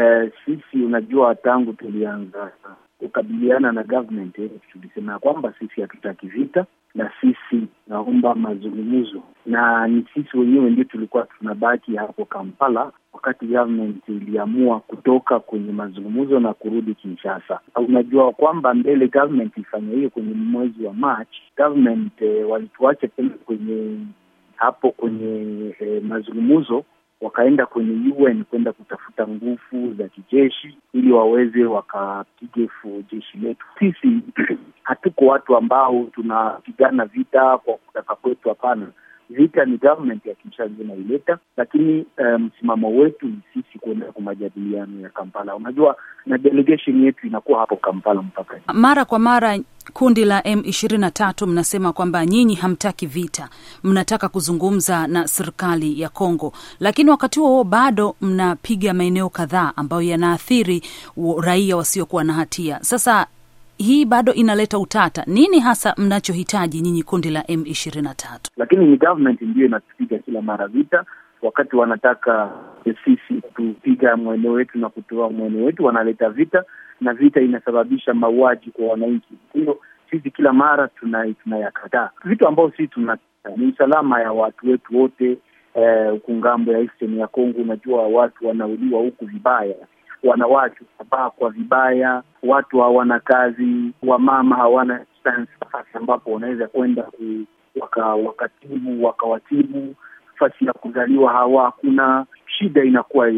eh, sisi unajua, tangu tulianza kukabiliana na government tulisema ya kwamba sisi hatutaki vita na sisi naomba mazungumzo, na ni sisi wenyewe ndio tulikuwa tunabaki hapo Kampala wakati government iliamua kutoka kwenye mazungumzo na kurudi Kinshasa. Unajua kwamba mbele government ifanya hiyo kwenye mwezi wa March, government eh, walituacha tena kwenye hapo kwenye eh, mazungumzo wakaenda kwenye UN kwenda kutafuta nguvu za kijeshi ili waweze wakapige jeshi letu. Sisi hatuko watu ambao tunapigana vita kwa kutaka kwetu, hapana vita ni government ya Kinshasa inaileta, lakini eh, msimamo um, wetu ni sisi kuenda kwa majadiliano ya Kampala. Unajua, na delegation yetu inakuwa hapo Kampala mpaka mara kwa mara. Kundi la M23 mnasema kwamba nyinyi hamtaki vita, mnataka kuzungumza na serikali ya Kongo, lakini wakati huo bado mnapiga maeneo kadhaa ambayo yanaathiri raia wasiokuwa na hatia. Sasa hii bado inaleta utata. Nini hasa mnachohitaji nyinyi kundi la M ishirini na tatu? Lakini ni government ndiyo inatupiga kila mara vita wakati wanataka sisi kupiga mweneo wetu na kutoa mweneo wetu, wanaleta vita na vita inasababisha mauaji kwa wananchi. Hiyo sisi kila mara tunayakataa. Tuna vitu ambavyo sisi tuna ni usalama ya watu wetu wote eh, huku eh, ngambo ya eastern ya Kongo. Unajua watu wanauliwa huku vibaya, wanawatu wanapaa kwa vibaya, watu hawana kazi, wamama hawana nafasi ambapo wanaweza kwenda waka, wakatibu wakawatibu, nafasi ya kuzaliwa hawa hakuna Shida inakuwa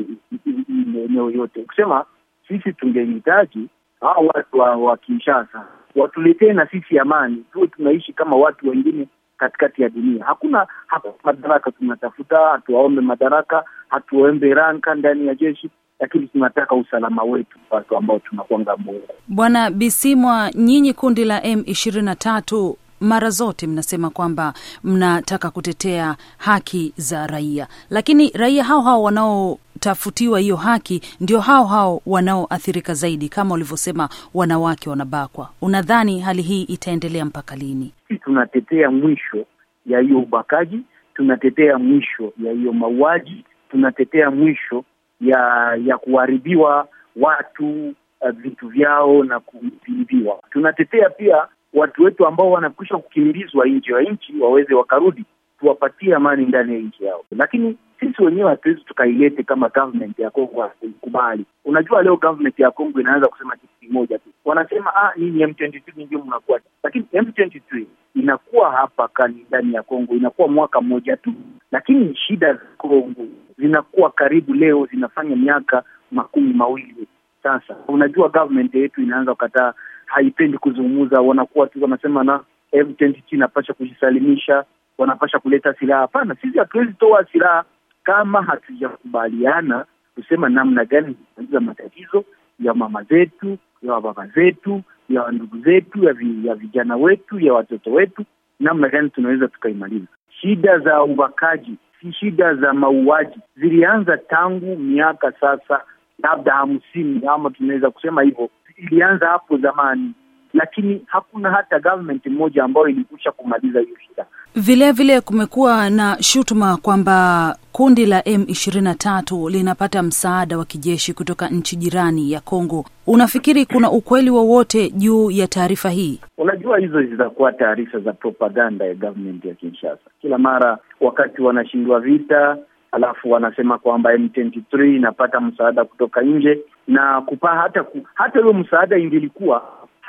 eneo yote, kusema sisi tungehitaji hawa watu wa, wa Kinshasa watuletee na sisi amani, tuwe tunaishi kama watu wengine katikati ya dunia. Hakuna hapa madaraka tunatafuta, hatuwaombe madaraka, hatuombe ranka ndani ya jeshi lakini tunataka usalama wetu watu ambao tunakwanga Mungu. Bwana Bisimwa, nyinyi kundi la M ishirini na tatu mara zote mnasema kwamba mnataka kutetea haki za raia, lakini raia hao hao wanaotafutiwa hiyo haki ndio hao hao wanaoathirika zaidi, kama ulivyosema, wanawake wanabakwa. Unadhani hali hii itaendelea mpaka lini? Si tunatetea mwisho ya hiyo ubakaji, tunatetea mwisho ya hiyo mauaji, tunatetea mwisho ya ya kuharibiwa watu uh, vitu vyao na kuibiwa. Tunatetea pia watu wetu ambao wanakwisha kukimbizwa nje ya nchi waweze wakarudi, tuwapatie amani ndani ya nchi yao, lakini sisi wenyewe hatuwezi tukailete kama government ya Kongo haikubali. Unajua, leo government ya Kongo inaanza kusema kitu kimoja tu, wanasema ah, nini M23 ndio mnakuwa, lakini M23 inakuwa hapa kani ndani ya Kongo inakuwa mwaka mmoja tu, lakini shida za Kongo zinakuwa karibu leo zinafanya miaka makumi mawili sasa. Unajua, government yetu inaanza kukataa, haipendi kuzungumza, wanakuwa tu wanasema na M23 inapasha kujisalimisha, wanapasha kuleta silaha. Hapana, sisi hatuwezi toa silaha kama hatujakubaliana kusema namna gani za matatizo ya mama zetu ya baba zetu ya ndugu zetu ya, vi, ya vijana wetu ya watoto wetu, namna gani tunaweza tukaimaliza shida za ubakaji shida za mauaji zilianza tangu miaka sasa labda hamsini ama tunaweza kusema hivyo, ilianza hapo zamani, lakini hakuna hata government moja ambayo ilikusha kumaliza hiyo shida. Vilevile vile kumekuwa na shutuma kwamba kundi la M23 linapata msaada wa kijeshi kutoka nchi jirani ya Kongo. Unafikiri kuna ukweli wowote juu ya taarifa hii? Unajua, hizo zitakuwa taarifa za propaganda ya government ya Kinshasa. Kila mara wakati wanashindwa vita, alafu wanasema kwamba M23 inapata msaada kutoka nje na kupaa hata ku, hata hiyo msaada ingelikuwa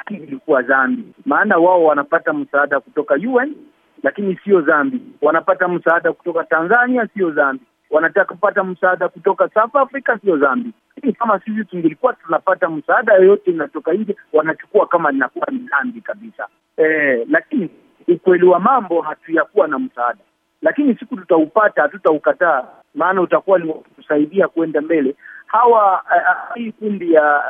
ilikuwa dhambi, maana wao wanapata msaada kutoka UN lakini sio dhambi. Wanapata msaada kutoka Tanzania, sio dhambi. Wanataka kupata msaada kutoka South Africa, sio dhambi. Lakini kama sisi tungelikuwa tunapata msaada yoyote inatoka nje, wanachukua kama linakuwa ni dhambi kabisa. E, lakini ukweli wa mambo hatuyakuwa na msaada, lakini siku tutaupata, hatutaukataa, maana utakuwa ni kusaidia kwenda mbele. Hawa hii kundi ya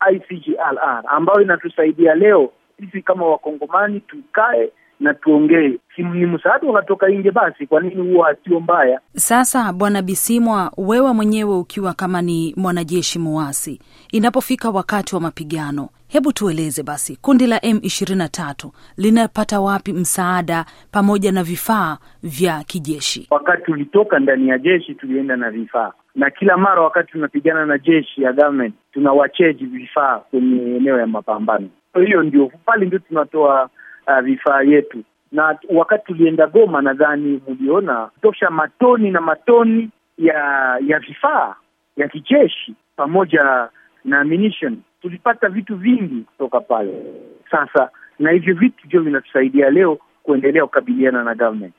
uh, ICGLR ambayo inatusaidia leo sisi kama Wakongomani tukae na tuongee, ni msaada unatoka nje, basi kwa nini huwa sio mbaya? Sasa Bwana Bisimwa, wewe mwenyewe ukiwa kama ni mwanajeshi muasi, inapofika wakati wa mapigano, hebu tueleze basi kundi la m tatu linapata wapi msaada pamoja na vifaa vya kijeshi? Wakati tulitoka ndani ya jeshi, tulienda na vifaa na kila mara wakati tunapigana na jeshi ya government tunawacheji vifaa kwenye eneo ya mapambano. Kwa hiyo ndio pale ndio tunatoa uh, vifaa yetu. Na wakati tulienda Goma, nadhani muliona tosha matoni na matoni ya ya vifaa ya kijeshi pamoja na ammunition. Tulipata vitu vingi kutoka pale sasa, na hivyo vitu vio vinatusaidia leo kuendelea kukabiliana na government.